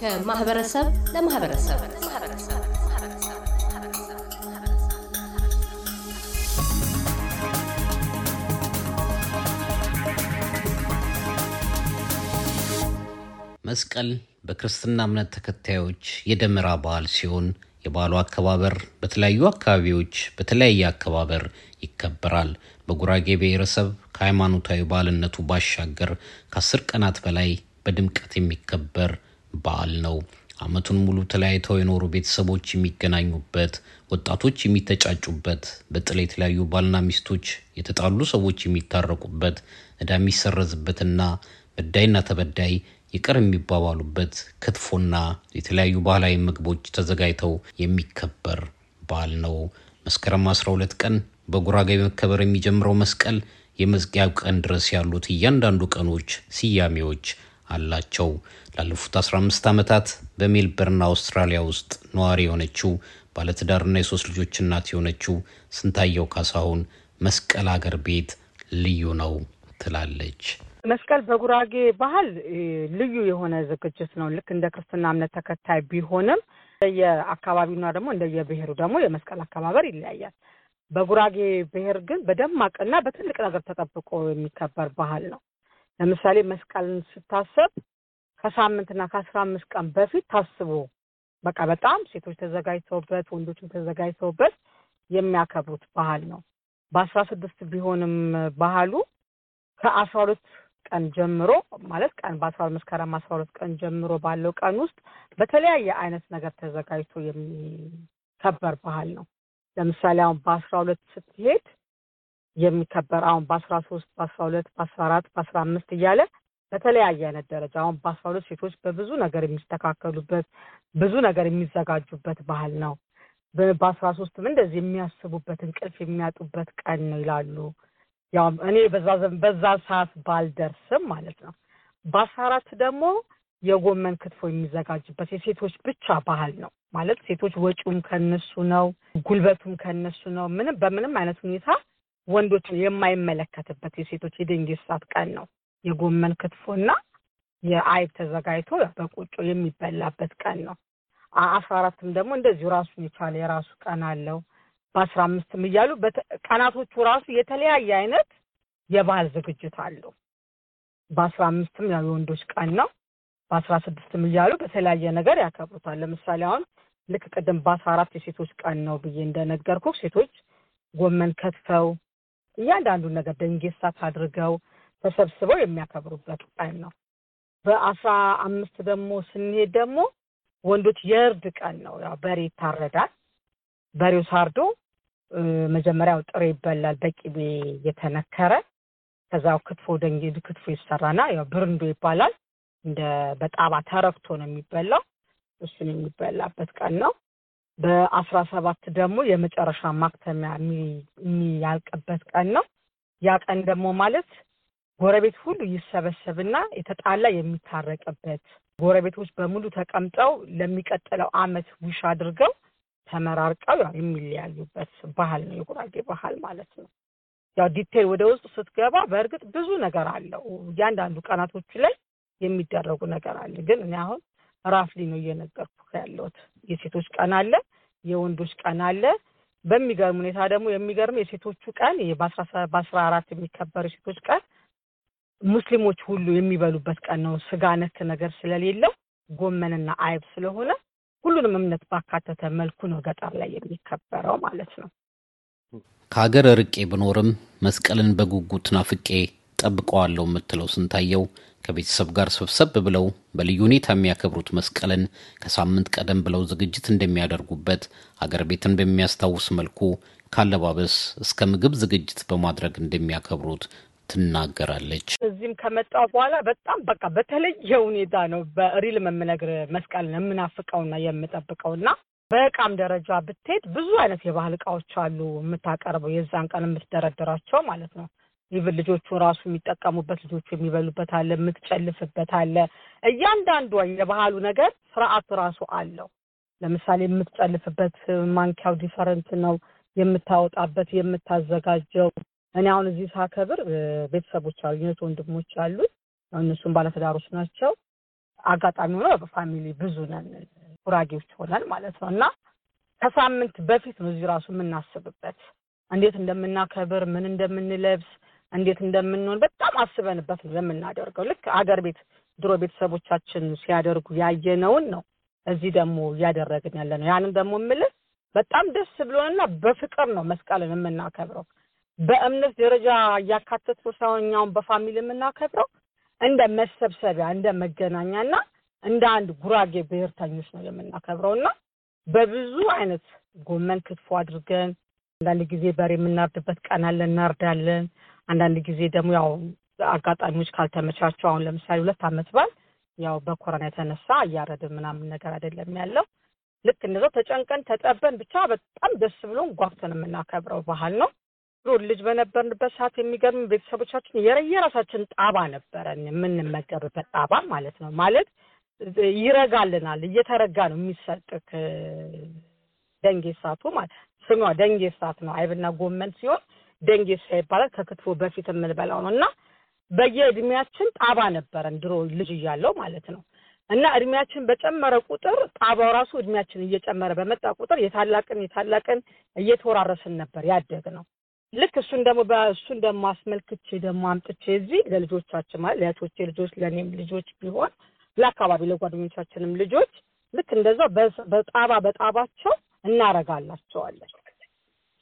ከማህበረሰብ ለማህበረሰብ መስቀል በክርስትና እምነት ተከታዮች የደመራ በዓል ሲሆን የበዓሉ አከባበር በተለያዩ አካባቢዎች በተለያየ አከባበር ይከበራል። በጉራጌ ብሔረሰብ ከሃይማኖታዊ በዓልነቱ ባሻገር ከአስር ቀናት በላይ በድምቀት የሚከበር በዓል ነው። ዓመቱን ሙሉ ተለያይተው የኖሩ ቤተሰቦች የሚገናኙበት፣ ወጣቶች የሚተጫጩበት፣ በጥል የተለያዩ ባልና ሚስቶች የተጣሉ ሰዎች የሚታረቁበት፣ እዳ የሚሰረዝበትና በዳይና ተበዳይ ይቅር የሚባባሉበት ክትፎና የተለያዩ ባህላዊ ምግቦች ተዘጋጅተው የሚከበር በዓል ነው። መስከረም 12 ቀን በጉራጌ መከበር የሚጀምረው መስቀል የመዝጊያው ቀን ድረስ ያሉት እያንዳንዱ ቀኖች ስያሜዎች አላቸው። ላለፉት 15 ዓመታት በሜልበርን አውስትራሊያ ውስጥ ነዋሪ የሆነችው ባለትዳርና የሶስት ልጆች እናት የሆነችው ስንታየው ካሳሁን መስቀል አገር ቤት ልዩ ነው ትላለች። መስቀል በጉራጌ ባህል ልዩ የሆነ ዝግጅት ነው። ልክ እንደ ክርስትና እምነት ተከታይ ቢሆንም የአካባቢውና ደግሞ እንደየብሔሩ ደግሞ የመስቀል አከባበር ይለያያል። በጉራጌ ብሔር ግን በደማቅና በትልቅ ነገር ተጠብቆ የሚከበር ባህል ነው። ለምሳሌ መስቀልን ስታሰብ ከሳምንትና ከአስራ አምስት ቀን በፊት ታስቦ በቃ በጣም ሴቶች ተዘጋጅተውበት ወንዶችም ተዘጋጅተውበት የሚያከብሩት ባህል ነው። በአስራ ስድስት ቢሆንም ባህሉ ከአስራ ሁለት ቀን ጀምሮ ማለት ቀን በአስራ መስከረም አስራ ሁለት ቀን ጀምሮ ባለው ቀን ውስጥ በተለያየ አይነት ነገር ተዘጋጅቶ የሚከበር ባህል ነው። ለምሳሌ አሁን በአስራ ሁለት ስትሄድ የሚከበር አሁን በአስራ ሶስት በአስራ ሁለት በአስራ አራት በአስራ አምስት እያለ በተለያየ አይነት ደረጃ አሁን በአስራ ሁለት ሴቶች በብዙ ነገር የሚስተካከሉበት ብዙ ነገር የሚዘጋጁበት ባህል ነው። በአስራ ሶስትም እንደዚህ የሚያስቡበት እንቅልፍ የሚያጡበት ቀን ነው ይላሉ። ያው እኔ በዛ ሰዓት ባልደርስም ማለት ነው። በአስራ አራት ደግሞ የጎመን ክትፎ የሚዘጋጅበት የሴቶች ብቻ ባህል ነው ማለት ሴቶች ወጪውም ከነሱ ነው፣ ጉልበቱም ከነሱ ነው። ምንም በምንም አይነት ሁኔታ ወንዶች የማይመለከትበት የሴቶች የደንጌሳት ቀን ነው። የጎመን እና የአይብ ተዘጋጅቶ በቁጮ የሚበላበት ቀን ነው። አስራ አራትም ደግሞ እንደዚሁ ራሱን የቻለ የራሱ ቀን አለው። በአስራ አምስትም እያሉ ቀናቶቹ ራሱ የተለያየ አይነት የባህል ዝግጅት አለው። በአስራ አምስትም ያው የወንዶች ቀን ነው። በአስራ ስድስትም እያሉ በተለያየ ነገር ያከብሩታል። ለምሳሌ አሁን ልክ ቅድም በአስራ አራት የሴቶች ቀን ነው ብዬ እንደነገርኩ ሴቶች ጎመን ከትፈው እያንዳንዱን ነገር ደንጌሳ አድርገው ተሰብስበው የሚያከብሩበት ቀን ነው። በአስራ አምስት ደግሞ ስንሄድ ደግሞ ወንዶች የእርድ ቀን ነው። ያው በሬ ይታረዳል። በሬው ታርዶ መጀመሪያው ጥሬ ይበላል፣ በቅቤ የተነከረ ከዛው ክትፎ ደንጌድ ክትፎ ይሰራና ያው ብርንዶ ይባላል። እንደ በጣባ ተረፍቶ ነው የሚበላው። እሱን የሚበላበት ቀን ነው። በአስራ ሰባት ደግሞ የመጨረሻ ማክተሚያ የሚያልቅበት ቀን ነው። ያ ቀን ደግሞ ማለት ጎረቤት ሁሉ ይሰበሰብና የተጣላ የሚታረቅበት ጎረቤቶች በሙሉ ተቀምጠው ለሚቀጥለው ዓመት ውሽ አድርገው ተመራርቀው ያው የሚለያዩበት ባህል ነው የጉራጌ ባህል ማለት ነው። ያው ዲቴል ወደ ውስጥ ስትገባ በእርግጥ ብዙ ነገር አለው። እያንዳንዱ ቀናቶቹ ላይ የሚደረጉ ነገር አለ። ግን እኔ አሁን ራፍሊ ነው እየነገርኩ ያለሁት። የሴቶች ቀን አለ፣ የወንዶች ቀን አለ። በሚገርም ሁኔታ ደግሞ የሚገርም የሴቶቹ ቀን በአስራ አራት የሚከበር የሴቶች ቀን ሙስሊሞች ሁሉ የሚበሉበት ቀን ነው። ስጋ ነክ ነገር ስለሌለው ጎመንና አይብ ስለሆነ ሁሉንም እምነት ባካተተ መልኩ ነው ገጠር ላይ የሚከበረው ማለት ነው። ከሀገር ርቄ ብኖርም መስቀልን በጉጉት ናፍቄ ጠብቀዋለሁ የምትለው ስንታየው ከቤተሰብ ጋር ሰብሰብ ብለው በልዩ ሁኔታ የሚያከብሩት መስቀልን ከሳምንት ቀደም ብለው ዝግጅት እንደሚያደርጉበት ሀገር ቤትን በሚያስታውስ መልኩ ካለባበስ እስከ ምግብ ዝግጅት በማድረግ እንደሚያከብሩት ትናገራለች። እዚህም ከመጣ በኋላ በጣም በቃ በተለየ ሁኔታ ነው በሪል የምነግር መስቀል የምናፍቀውና የምጠብቀውና በእቃም ደረጃ ብትሄድ ብዙ አይነት የባህል እቃዎች አሉ የምታቀርበው የዛን ቀን የምትደረደራቸው ማለት ነው። ይብን ልጆቹ ራሱ የሚጠቀሙበት ልጆቹ የሚበሉበት አለ፣ የምትጨልፍበት አለ። እያንዳንዱ የባህሉ ነገር ስርዓቱ ራሱ አለው። ለምሳሌ የምትጨልፍበት ማንኪያው ዲፈረንት ነው። የምታወጣበት የምታዘጋጀው እኔ አሁን እዚህ ሳከብር ቤተሰቦች አሉ የእህት ወንድሞች አሉት። እነሱም ባለተዳሮች ናቸው። አጋጣሚ ሆነ ፋሚሊ ብዙ ነን፣ ጉራጌዎች ሆናል ማለት ነው እና ከሳምንት በፊት ነው እዚህ ራሱ የምናስብበት እንዴት እንደምናከብር ምን እንደምንለብስ እንዴት እንደምንሆን በጣም አስበንበት ነው የምናደርገው። ልክ አገር ቤት ድሮ ቤተሰቦቻችን ሲያደርጉ ያየነውን ነው እዚህ ደግሞ እያደረግን ያለ ነው። ያንን ደግሞ የምልህ በጣም ደስ ብሎንና በፍቅር ነው መስቀልን የምናከብረው። በእምነት ደረጃ እያካተቱ ሰውኛውን በፋሚሊ የምናከብረው እንደ መሰብሰቢያ እንደ መገናኛና እንደ አንድ ጉራጌ ብሔርተኞች ነው የምናከብረው እና በብዙ አይነት ጎመን ክትፎ አድርገን አንዳንድ ጊዜ በሬ የምናርድበት ቀን አለን፣ እናርዳለን። አንዳንድ ጊዜ ደግሞ ያው አጋጣሚዎች ካልተመቻቸው አሁን ለምሳሌ ሁለት ዓመት በዓል ያው በኮረና የተነሳ እያረድን ምናምን ነገር አይደለም ያለው። ልክ እንደዛው ተጨንቀን ተጠበን ብቻ በጣም ደስ ብሎን ጓጉተን የምናከብረው ባህል ነው። ልጅ በነበርንበት ሰዓት የሚገርም ቤተሰቦቻችን የየራሳችን ጣባ ነበረን፣ የምንመገብበት ጣባ ማለት ነው። ማለት ይረጋልናል፣ እየተረጋ ነው የሚሰጥክ ሳቱ ማለት ስሟ ሳት ነው። አይብና ጎመን ሲሆን ደንጌሳ ይባላል። ከክትፎ በፊት የምንበላው ነው እና በየእድሜያችን ጣባ ነበረን ድሮ ልጅ እያለው ማለት ነው። እና እድሜያችን በጨመረ ቁጥር ጣባው ራሱ እድሜያችን እየጨመረ በመጣ ቁጥር የታላቅን የታላቅን እየተወራረስን ነበር ያደግ ነው። ልክ እሱን ደግሞ በእሱን ደግሞ አስመልክቼ ደግሞ አምጥቼ እዚህ ለልጆቻችን ማለት ለእህቶቼ ልጆች ለእኔም ልጆች ቢሆን ለአካባቢ ለጓደኞቻችንም ልጆች ልክ እንደዛ በጣባ በጣባቸው እናረጋላቸዋለን።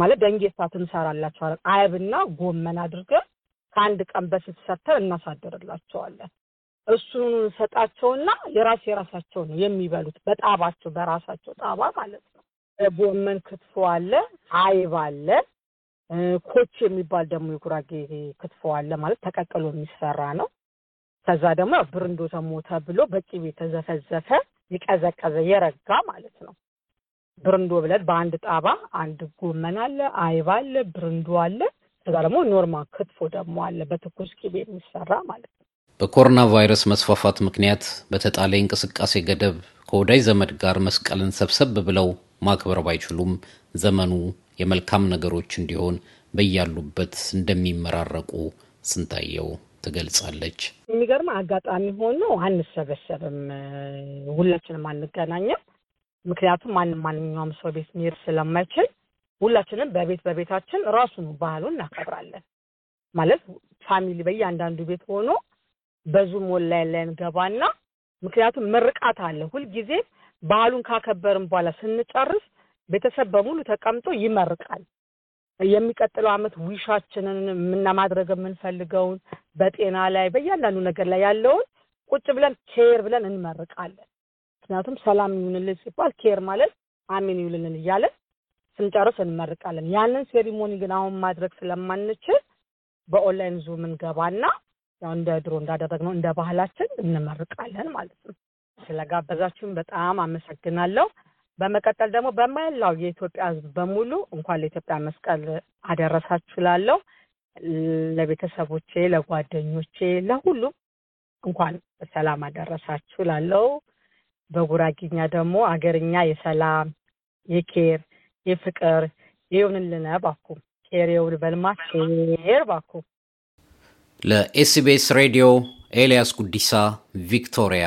ማለት በእንጌት ሰዓት እንሰራላቸዋለን። አይብና ጎመን አድርገን ከአንድ ቀን በፊት ሰርተን እናሳደርላቸዋለን። እሱን ሰጣቸውና የራስ የራሳቸው ነው የሚበሉት በጣባቸው በራሳቸው ጣባ ማለት ነው። ጎመን ክትፎ አለ፣ አይብ አለ ኮች የሚባል ደግሞ የጉራጌ ክትፎ አለ ማለት ተቀቅሎ የሚሰራ ነው። ከዛ ደግሞ ብርንዶ ደግሞ ተብሎ በቂቤ የተዘፈዘፈ የቀዘቀዘ የረጋ ማለት ነው። ብርንዶ ብለት በአንድ ጣባ አንድ ጎመን አለ፣ አይብ አለ፣ ብርንዶ አለ። ከዛ ደግሞ ኖርማል ክትፎ ደግሞ አለ በትኩስ ቂቤ የሚሰራ ማለት ነው። በኮሮና ቫይረስ መስፋፋት ምክንያት በተጣለ እንቅስቃሴ ገደብ ከወዳጅ ዘመድ ጋር መስቀልን ሰብሰብ ብለው ማክበር ባይችሉም ዘመኑ የመልካም ነገሮች እንዲሆን በያሉበት እንደሚመራረቁ ስንታየው ትገልጻለች። የሚገርም አጋጣሚ ሆኖ አንሰበሰብም፣ ሁላችንም አንገናኝም። ምክንያቱም ማንም ማንኛውም ሰው ቤት መሄድ ስለማይችል ሁላችንም በቤት በቤታችን ራሱን ባህሉን እናከብራለን። ማለት ፋሚሊ በእያንዳንዱ ቤት ሆኖ በዙም ኦንላይን ላይ እንገባና ምክንያቱም ምርቃት አለ ሁልጊዜ በዓሉን ካከበርን በኋላ ስንጨርስ ቤተሰብ በሙሉ ተቀምጦ ይመርቃል። የሚቀጥለው ዓመት ዊሻችንን ምና ማድረግ የምንፈልገውን በጤና ላይ በእያንዳንዱ ነገር ላይ ያለውን ቁጭ ብለን ኬር ብለን እንመርቃለን። ምክንያቱም ሰላም ይሁንልን ሲባል ኬር ማለት አሜን ይሁንልን እያለን ስንጨርስ እንመርቃለን። ያንን ሴሪሞኒ ግን አሁን ማድረግ ስለማንችል በኦንላይን ዙም እንገባና ያው እንደ ድሮ እንዳደረግነው እንደ ባህላችን እንመርቃለን ማለት ነው። ስለጋበዛችሁን በጣም አመሰግናለሁ። በመቀጠል ደግሞ በመላው የኢትዮጵያ ሕዝብ በሙሉ እንኳን ለኢትዮጵያ መስቀል አደረሳችሁ ላለው ለቤተሰቦቼ፣ ለጓደኞቼ፣ ለሁሉም እንኳን በሰላም አደረሳችሁ ላለው በጉራጊኛ ደግሞ አገርኛ የሰላም የኬር የፍቅር የሆንልነ ባኩ ኬር የውን በልማ ኬር ባኩ። ለኤስቢኤስ ሬዲዮ ኤልያስ ጉዲሳ ቪክቶሪያ